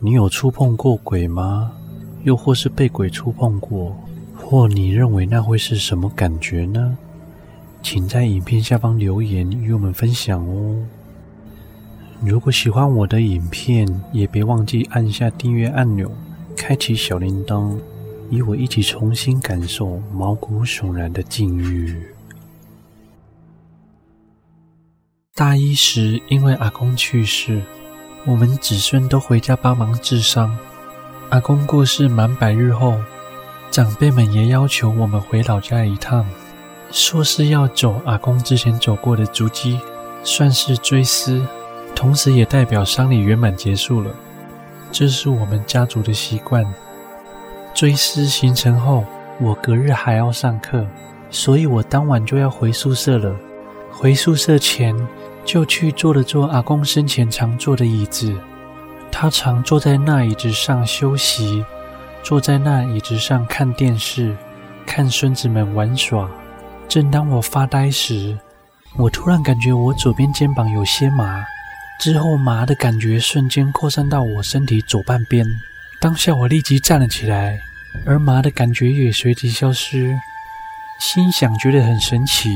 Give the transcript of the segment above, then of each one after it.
你有觸碰過鬼嗎？又或是被鬼觸碰過？或你認為那會是什麼感覺呢？請在影片下方留言與我們分享哦。如果喜歡我的影片，也別忘記按下訂閱按鈕，開啟小鈴鐺，與我一起重新感受毛骨悚然的境遇。大一時，因為阿公去世，我們子孫都回家幫忙治喪。阿公過世滿百日後，長輩們也要求我們回老家一趟，說是要走阿公之前走過的足跡，算是追思，同時也代表喪禮圓滿結束了。這是我們家族的習慣。追思行程後，我隔日還要上課，所以我當晚就要回宿舍了。回宿舍前，就去坐了坐阿公生前常坐的椅子，他常坐在那椅子上休息，坐在那椅子上看電視，看孫子們玩耍。正當我發呆時，我突然感覺我左邊肩膀有些麻，之後麻的感覺瞬間擴散到我身體左半邊。當下我立即站了起來，而麻的感覺也隨即消失。心想覺得很神奇，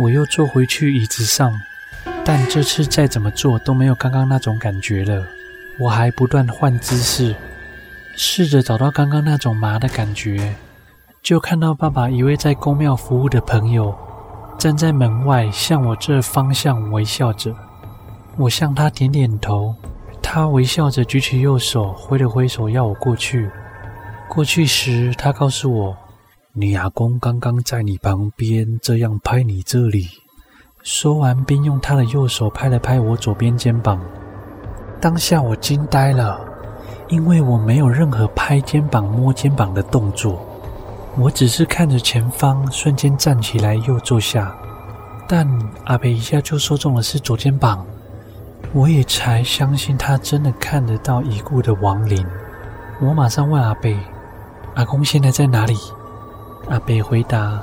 我又坐回去椅子上。但這次再怎麼做都沒有剛剛那種感覺了。我還不斷換姿勢，試着找到剛剛那種麻的感覺，就看到爸爸一位在宮廟服務的朋友站在門外向我這方向微笑着。我向他點點頭，他微笑着舉起右手揮了揮手要我過去。過去時，他告訴我：“你阿公剛剛在你旁邊這樣拍你這裡。”說完，並用他的右手拍了拍我左邊肩膀。當下我驚呆了，因為我沒有任何拍肩膀、摸肩膀的動作，我只是看着前方，瞬間站起來又坐下。但阿北一下就說中了是左肩膀，我也才相信他真的看得到已故的亡靈。我馬上問阿北：“阿公現在在哪裡？”阿北回答：“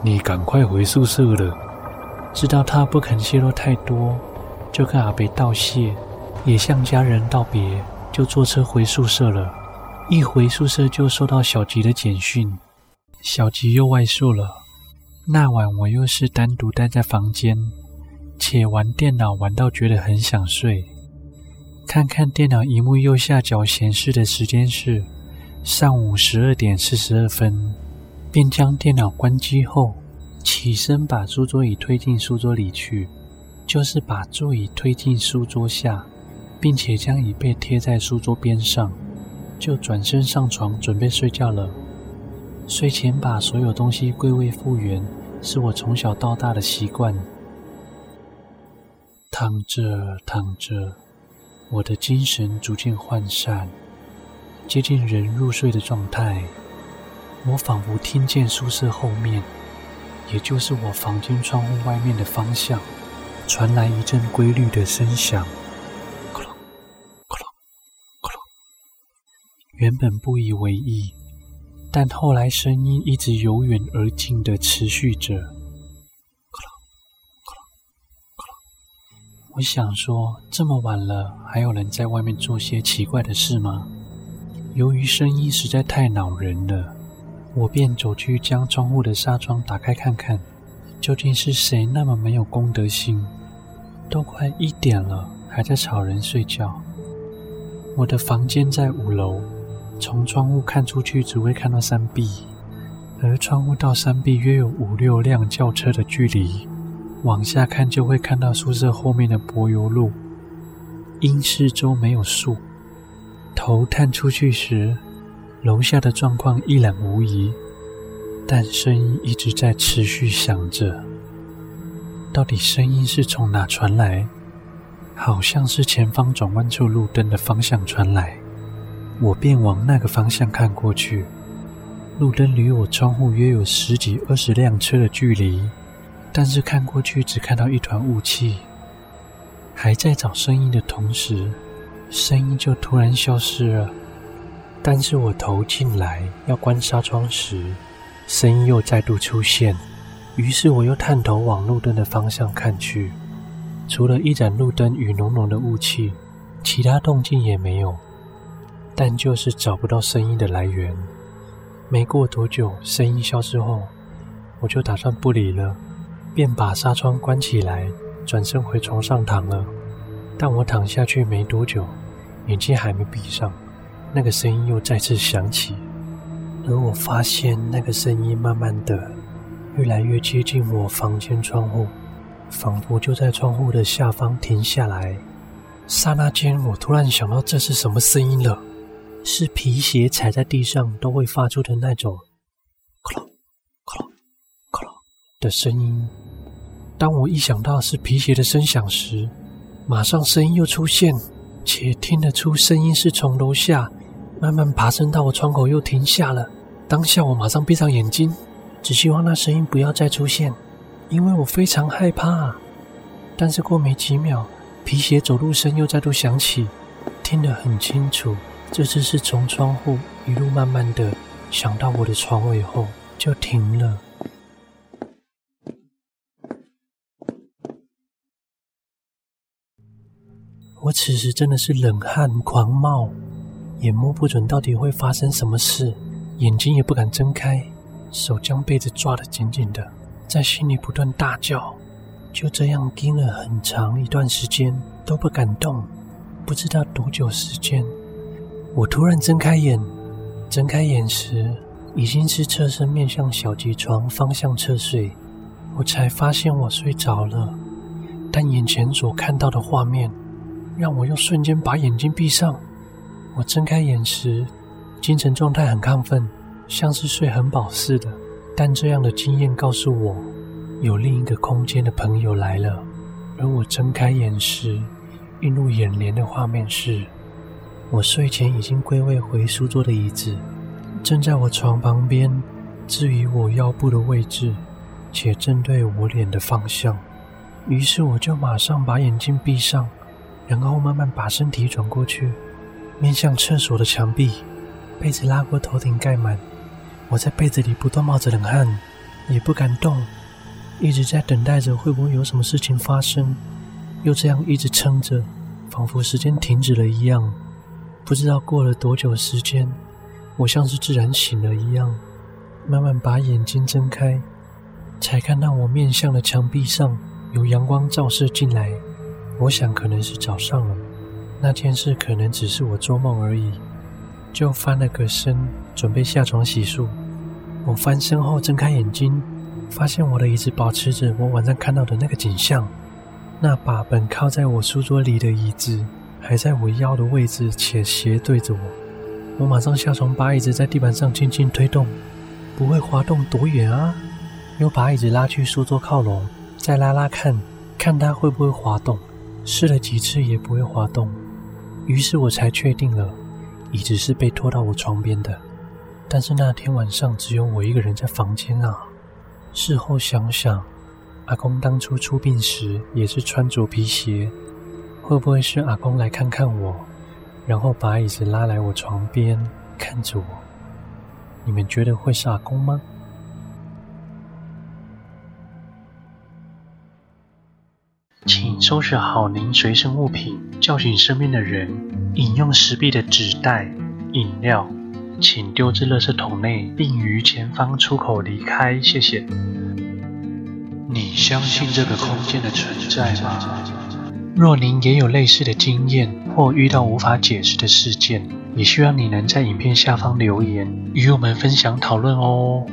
你趕快回宿舍了。”知道他不肯洩露太多，就跟阿北道謝，也向家人道別，就坐車回宿舍了。一回宿舍就收到小吉的簡訊，小吉又外宿了。那晚我又是單獨待在房間，且玩電腦玩到覺得很想睡。看看電腦熒幕右下角顯示的時間是上午十二點四十二分，便將電腦關機後。起身把書桌椅推進書桌裡去，就是把座椅推進書桌下，並且將椅背貼在書桌邊上，就轉身上床準備睡覺了。睡前把所有東西歸位復原，是我從小到大的習慣。躺着躺着，我的精神逐漸渙散，接近人入睡的狀態，我仿佛聽見宿舍後面。也就是我房間窗戶外面的方向，傳來一陣規律的聲響，咕嚕、咕嚕、咕嚕。原本不以為意，但後來聲音一直由遠而近的持續着，咕嚕、咕嚕、咕嚕。我想說，這麼晚了，還有人在外面做些奇怪的事嗎？由於聲音實在太惱人了。我便走去將窗戶的紗窗打開看看，究竟是誰那麼沒有公德心？都快一點了，還在吵人睡覺。我的房間在五樓，從窗戶看出去只會看到山壁，而窗戶到山壁約有五六輛轎、轎車的距離。往下看就會看到宿舍後面的柏油路，因四周沒有樹，頭探出去時，樓下的狀況一覽無遺，但聲音一直在持續響着。到底聲音是從哪傳來？好像是前方轉彎處路燈的方向傳來。我便往那個方向看過去。路燈離我窗戶約有十幾二十輛車的距離，但是看過去只看到一團霧氣。還在找聲音的同時，聲音就突然消失了。但是我頭進來要關紗窗時，聲音又再度出現。於是我又探頭往路燈的方向看去，除了一盞路燈與濃濃的霧氣，其他動靜也沒有，但就是找不到聲音的來源。沒過多久，聲音消失後，我就打算不理了，便把紗窗關起來，轉身回床上躺了。但我躺下去沒多久，眼睛還沒閉上。那個聲音又再次響起，而我發現那個聲音慢慢的越來越接近我房間窗戶，仿佛就在窗戶的下方停下來。剎那間，我突然想到這是什麼聲音了？是皮鞋踩在地上都會發出的那種“咯咯咯咯”的聲音。當我一想到是皮鞋的聲響時，馬上聲音又出現，且聽得出聲音是從樓下。慢慢爬升到我窗口，又停下了。當下我馬上閉上眼睛，只希望那聲音不要再出現，因為我非常害怕啊。但是過沒幾秒，皮鞋走路聲又再度響起，聽得很清楚。這次是從窗戶一路慢慢的響到我的床尾後，就停了。我此時真的是冷汗狂冒。也摸不準到底會發生什麼事，眼睛也不敢睜開，手將被子抓得緊緊的，在心裡不斷大叫。就這樣盯了很長一段時間，都不敢動，不知道多久時間，我突然睜開眼，睜開眼時已經是側身面向小吉床方向側睡，我才發現我睡着了，但眼前所看到的畫面，讓我又瞬間把眼睛閉上。我睜開眼時，精神狀態很亢奮，像是睡很飽似的。但這樣的經驗告訴我，有另一個空間的朋友來了。而我睜開眼時，映入眼簾的畫面是，我睡前已經歸位回書桌的椅子，正在我床旁邊，置於我腰部的位置，且正對我臉的方向。於是我就馬上把眼睛閉上，然後慢慢把身體轉過去。面向廁所的牆壁，被子拉過頭頂蓋滿，我在被子裡不斷冒着冷汗，也不敢動，一直在等待着會不會有什麼事情發生，又這樣一直撐着，仿佛時間停止了一樣。不知道過了多久的時間，我像是自然醒了一樣，慢慢把眼睛睜開，才看到我面向的牆壁上有陽光照射進來，我想可能是早上了。那件事可能只是我做夢而已，就翻了個身，準備下床洗漱。我翻身後睜開眼睛，發現我的椅子保持着我晚上看到的那個景象。那把本靠在我書桌裡的椅子，還在我腰的位置，且斜對着我。我馬上下床，把椅子在地板上輕輕推動，不會滑動多遠啊。又把椅子拉去書桌靠攏，再拉拉看看它會不會滑動。試了幾次也不會滑動。於是我才確定了，椅子是被拖到我床邊的。但是那天晚上只有我一個人在房間啊。事後想想，阿公當初出殯時也是穿着皮鞋，會不會是阿公來看看我，然後把椅子拉來我床邊看着我？你們覺得會是阿公嗎？請收拾好您隨身物品，叫醒身邊的人，飲用食畢的紙袋飲料，請丢至垃圾桶內，並於前方出口離開，謝謝。你相信這個空間的存在嗎？若您也有類似的經驗或遇到無法解釋的事件，也希望你能在影片下方留言，與我們分享討論哦。